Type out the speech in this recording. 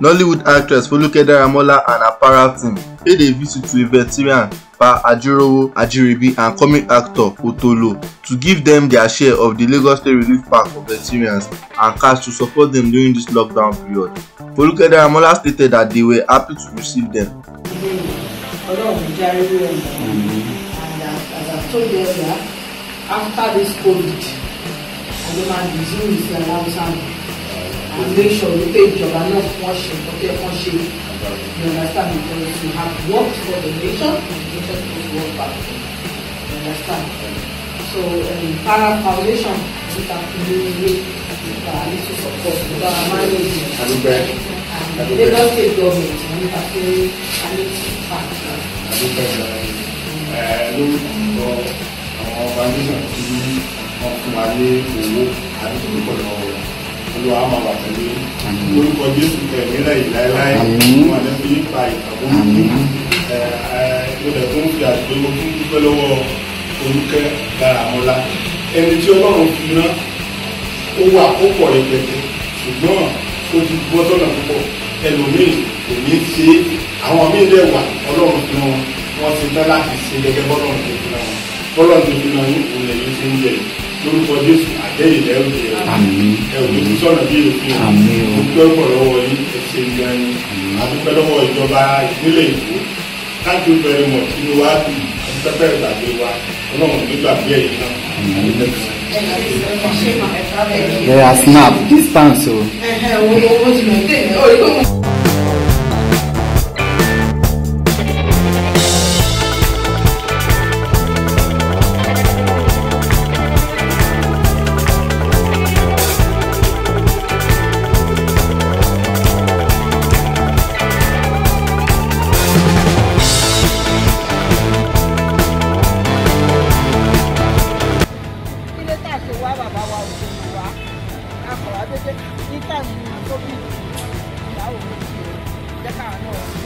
Nollywood actress Foluke Daramola and her para team paid a visit to a veteran Pa Ajirowo Ajiribi and comic actor Otolo to give them their share of the Lagos State Relief Park for veterans and cash to support them during this lockdown period. Foluke Daramola stated that they were happy to receive them. After this and make sure you ìjọba náà wọ́n ṣe nǹkan tó yẹ kán ṣe you understand because you have worked for the nation and the nation suppose work back you understand so um, para foundation we can community with our little support with our management and Lagos state government we can pay a little part. lórúkọ àwọn foundation tí wọ́n fún wa ní owó àdúgbò lọ́wọ́. olúwa máa wà pẹ̀lú orúkọ jésù kẹ̀mí lẹ́yìn láéláé wọn àti fi pa ìkàwọ́ mi ẹ ẹ ìpínlẹ̀ tó ń fi àdúgbò fún dúpẹ́ lọ́wọ́ olùkẹ́ lára àwọn ọlá ẹni tí ọlọ́run fi rán ó wà púpọ̀ rẹpẹtẹ ṣùgbọ́n ó ti gbọ́ sọ́nà púpọ̀ ẹlòmíì kò ní í ṣe àwọn míì dẹ̀ wà ọlọ́run fi rán wọn wọ́n ti tán láti ṣe gẹ́gẹ́ bọ́lọ́run tó fi rán wọn bọ́lọ́run tó fi rán yín òun lẹ́yìn tí ń jẹ yìí lórúkọ jésù àjẹyìn lẹ́rù rẹ̀ ẹ̀rù tó sọ̀nà bí òfin òdúpẹ́ pọ̀ lọ́wọ́ yìí ẹ̀sẹ̀ ìyanu àdúpẹ́ lọ́wọ́ ìjọba ìpínlẹ̀ èkó láti bẹ̀rẹ̀ mọ̀ sínú wa bí pẹ́pẹ́ ìgbàgbé wa ọlọ́run nígbàgbé ẹ̀yìn náà. There are snap distance o. So. akọ̀wá dédé ní táìmù àtọ́bí ìyàwó mi jẹ́ káà náà.